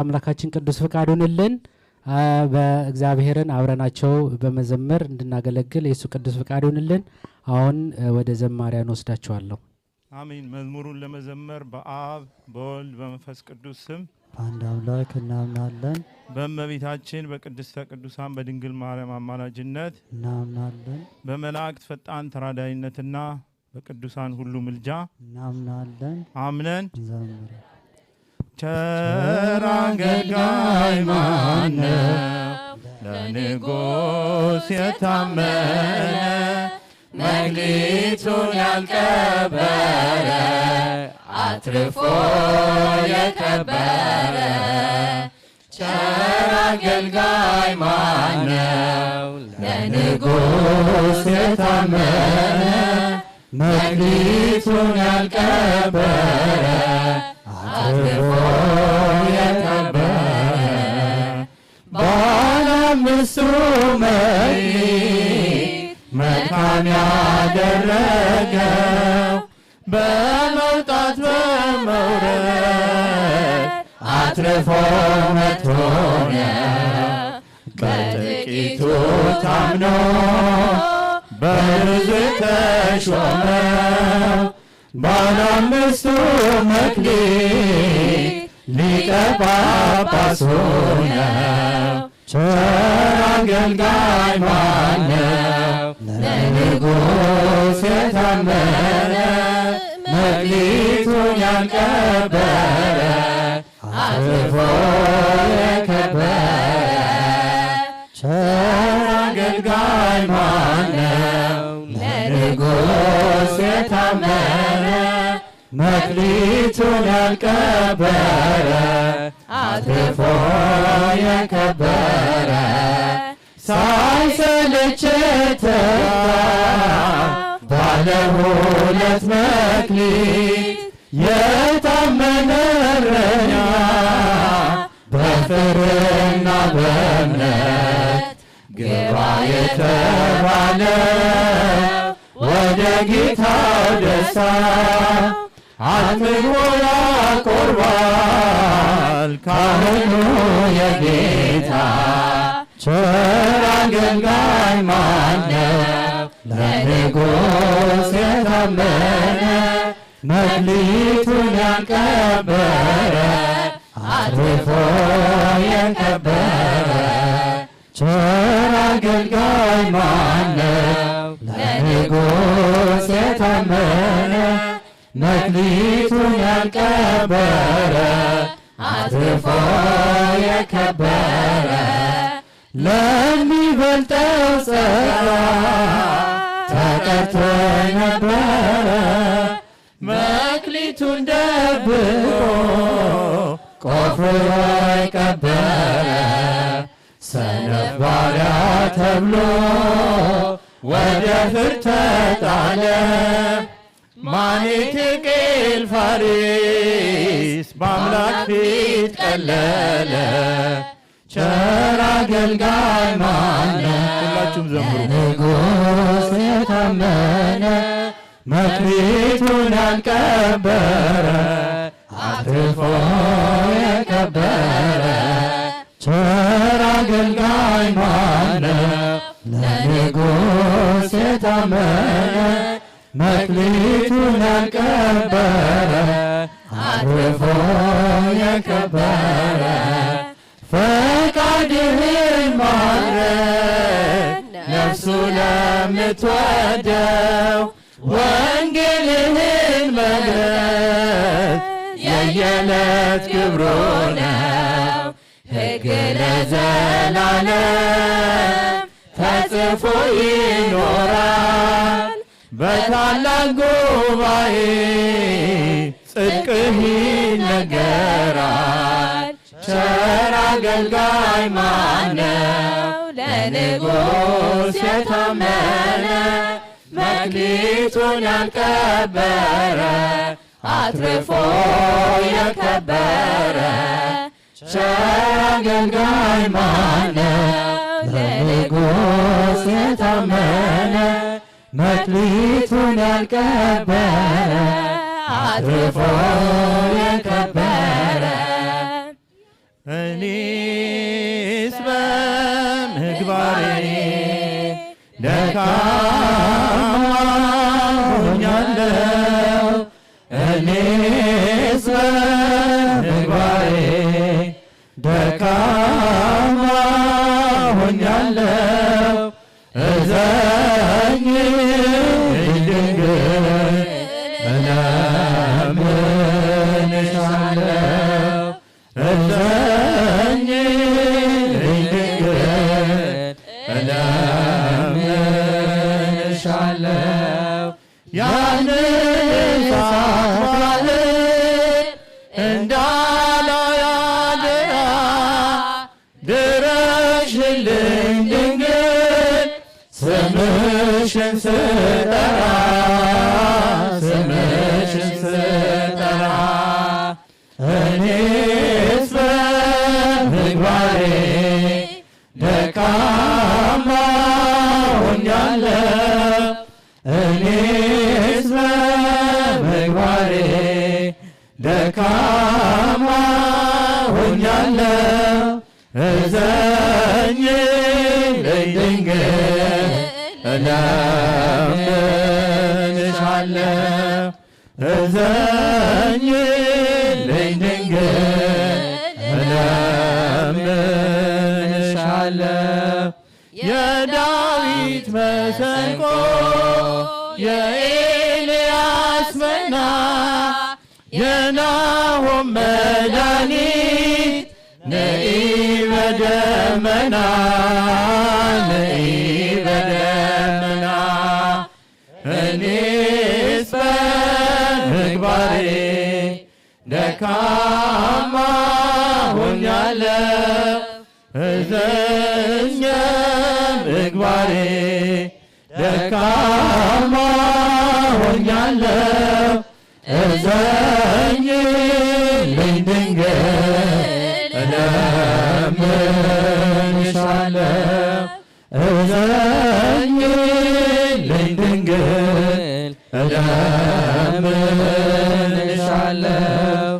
አምላካችን ቅዱስ ፍቃድ ሆንልን። በእግዚአብሔርን አብረናቸው በመዘመር እንድናገለግል የእሱ ቅዱስ ፍቃድ ይሆንልን። አሁን ወደ ዘማሪያን ወስዳችኋለሁ። አሜን። መዝሙሩን ለመዘመር በአብ በወልድ በመንፈስ ቅዱስ ስም በአንድ አምላክ እናምናለን። በእመቤታችን በቅድስተ ቅዱሳን በድንግል ማርያም አማላጅነት እናምናለን። በመላእክት ፈጣን ተራዳይነትና በቅዱሳን ሁሉ ምልጃ እናምናለን። አምነን ዘምረን ቸር አገልጋይ ማነው ለንጉሥ የታመነ መክሊቱን ያልቀበረ አትርፎ የከበረ ቸር አገልጋይ ማነው ለንጉሥ የታመነ መክሊቱን ያልቀበረ አክብሮ የከበረ ባለ አምስቱ መክሊት መልካም ያደረገው በመውጣት በመውረድ አትርፎ መቶነ በጥቂቱ ታምኖ በብዙ ተሾመ ባለአምስቱ መክሊት ሊቀ ጳጳስ ሆነ ቸር አገልጋይ ማነው? ለንጉሥ የታመነ መክሊቱን ያልቀበረ አትርፎ የከበረ ቸር አገልጋይ ማነው? መክሊቱን ያልቀበረ አትርፎ የከበረ ሳይሰለች ባለ ሁለት መክሊት የታመነ እረኛ በፍርና በእምነት ግባ የተባለ ወደ ጌታው ደስታ አጥምቆ ያቆርባል ካህኑ የጌታ ቸር አገልጋይ ማነው ለንጉሥ የታመነ መክሊቱን ያንቀበረ አትርፎ የከበረ ቸር አገልጋይ ማ ሌሊቱን ያልቀበረ አትርፎ የከበረ ለሚበልጠው ጸጋ ተቀርቶ ነበረ መክሊቱን ደብቆ ቆፍሮ የቀበረ ሰነፍ ባሪያ ተብሎ ወደ ፍርድ ተጣለ። ማኔቴ ቄል ፋሪስ በአምላክ ፊት ቀለለ ቸር አገልጋይ ማነ ሁላችሁም ዘምሩ ንጉሥ የታመነ መክሊቱን ያልቀበረ አትርፎ የቀበረ ቸር አገልጋይ ማነ ለንጉሥ የታመነ ሊቱን ያልቀበረ አርፎ የከበረ ፈቃድህን ማድረግ ነፍሱ ለምትወደው ወንጌልህን መድረስ የየለት ግብሩ ነው። ሕግ ለዘላለም ተጽፎ ይኖራል። በታላቅ ጉባኤ ጽድቅህ ይነገራል። ቸር አገልጋይ ማነው? ለንጉሥ የታመነ መክሊቱን ያልቀበረ አትርፎ የከበረ ቸር አገልጋይ ማነው? ለንጉሥ የታመነ መክሊቱን ያልቀበረ አትርፎ የከበረ እኔስ በምግባሬ ደካ እሻለው ያንን ድረሽልኝ ድንግል ስምሽን ደካማ ሆኛለሁ እዘኝ ድንግል እለምንሻለሁ እዘኝ ድንግል እለምንሻለሁ የዳዊት መሰንቆ የኤልያስ የናሆም መድኃኒት ነኢ በደመና ነኢ በደመና እኔስ በምግባሬ ደካማ ሆኛለሁ እዘኛ ምግባሬ ደካማ ሆኛለሁ እዘኝልኝ ድንግል እዛኝ እዘኝልኝ ድንግል እለምንሻለሁ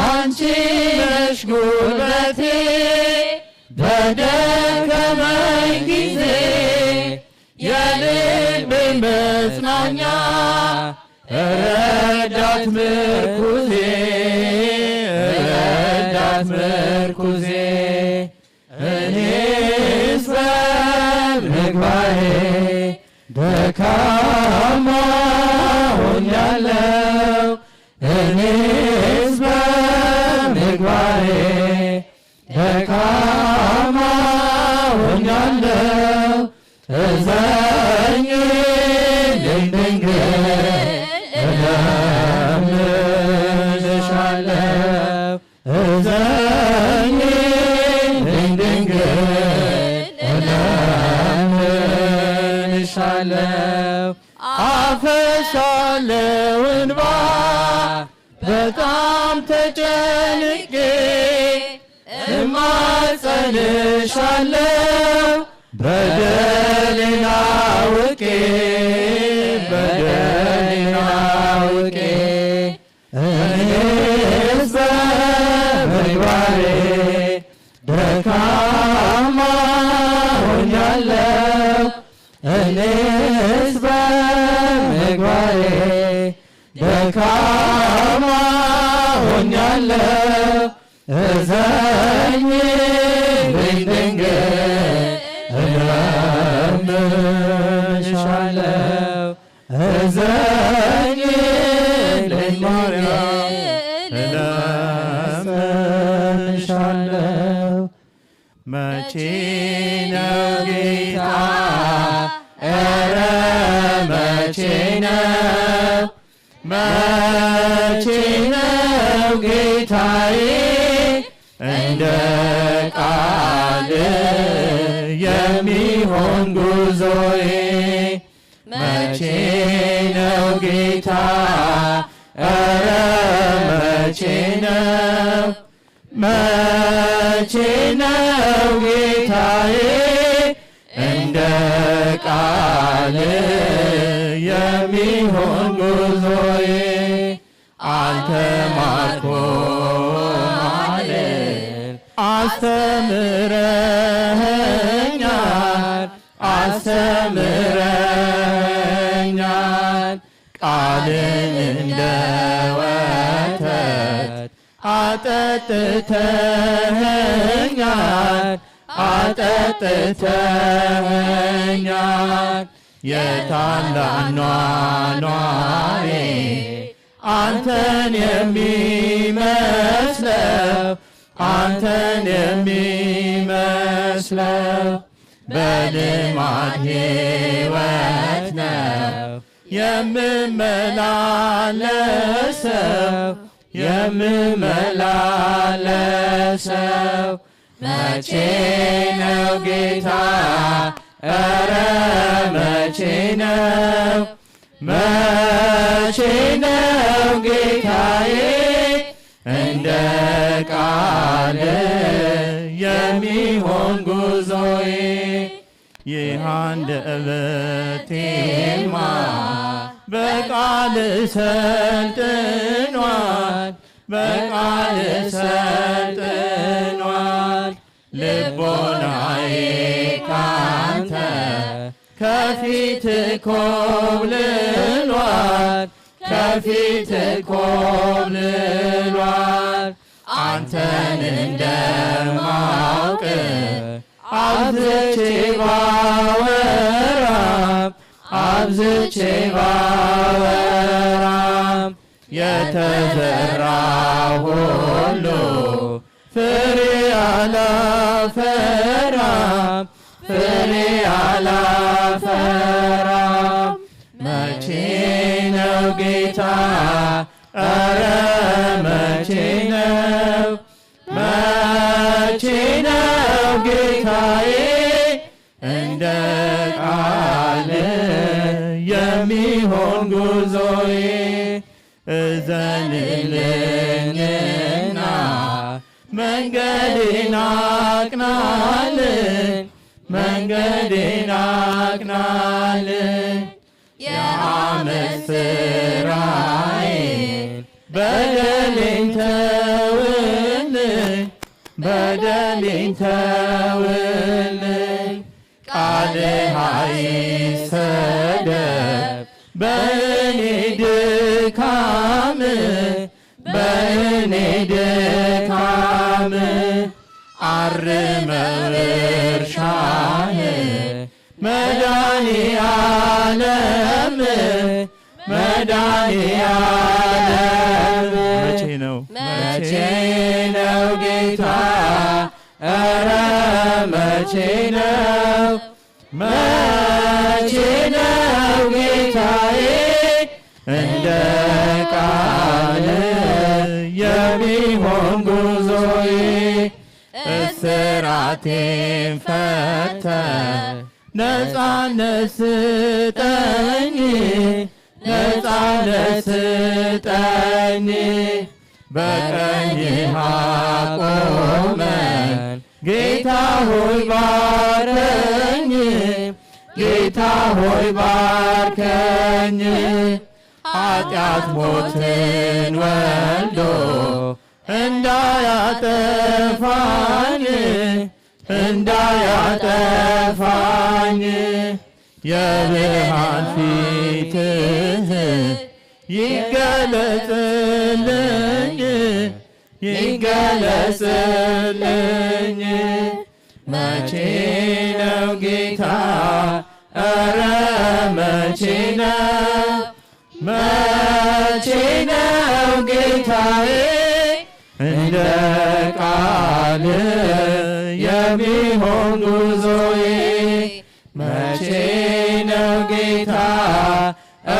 አንቺ ነሽ ጉልበቴ በደከመኝ ጊዜ የልቤ መጽናኛ ረዳት ምርኩዜ ረዳት ምርኩዜ እኔስ በምግባሬ ደካማ ሆኛለው እኔ ያለው እንባ በጣም ተጨንቄ እማጸንሻለው በደሌን አውቄ በደሌን አውቄ እኔስ በምግባሬ ደካማ ሆኛለው ደካማ ሆኛለሁ እዘኝ ድንግል እለምንሻለሁ እዘኝ ማርያም እለምንሻለሁ መቼ ነው ጌታ ኧረ መቼ ነው መቼ ነው ጌታዬ እንደ ቃል የሚሆን ጉዞዬ መቼ ነው ጌታ እረ መቼ ነው መቼ ነው ጌታዬ እንደ ቃል የሚሆን ተማርኮ ማለን አስተምረኛል አስተምረኛል ቃልን እንደ ወተት አጠጥተኛል አጠጥተኛል የታላኗኗሬ አንተን የሚመስለው አንተን የሚመስለው በልማድ ሕይወት ነው የምመላለሰው የምመላለሰው መቼ ነው ጌታ? ኧረ መቼ ነው መቼ ነው ጌታዬ እንደ ቃል የሚሆን ጉዞዬ ይህ አንደበቴማ በቃል ሰልጥኗል በቃል ሰልጥኗል ልቦናዬ ከፊት ኮብልሏል ከፊት ኮብልሏል አንተን እንደማውቅ አብዝቼ ባወራም አብዝቼ ባወራም የተዘራ ሁሉ ፍሬ አላፈ እኔ አላፈራ መቼ ነው ጌታ አረ መቼ ነው መቼ ነው ጌታዬ እንደ ቃል የሚሆን ጉዞዬ እዘንልኝና መንገድን አቅናልን መንገድን አቅናል የአመት ስራዬን በደሌን ተውልኝ በደሌን በእኔ ድካም በእኔ ድካም መድኃኒ ዓለም መድኃኒ ዓለም መቼ ነው መቼ ነው ጌታ ኧረ መቼ ነው መቼ ነው ጌታዬ እንደ ቃል የሚሆን ጉዞዬ እስራቴን ፈተ ነፃነት ስጠኝ፣ ነፃነት ስጠኝ፣ በቀኝህ አቆመኝ። ጌታ ሆይ ባርከኝ፣ ጌታ ሆይ ባርከኝ። ኃጢአት ሞትን ወልዶ እንዳያጠፋኝ እንዳያጠፋኝ የብርሃን ፊት ይገለጽልኝ ይገለጽልኝ። መቼ ነው ጌታ? ኧረ መቼ ነው መቼ ነው ጌታዬ እንደ ቃል የሚሆን ጉዞዬ መቼ ነው ጌታ?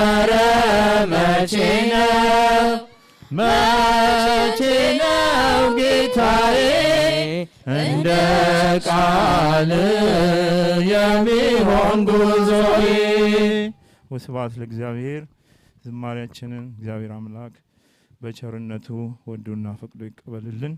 እረ መቼ ነው መቼ ነው ጌታዬ እንደ ቃል የሚሆን ጉዞዬ። ወስብሐት ለእግዚአብሔር። ዝማሬያችንን እግዚአብሔር አምላክ በቸርነቱ ወዱና ፈቅዶ ይቀበልልን።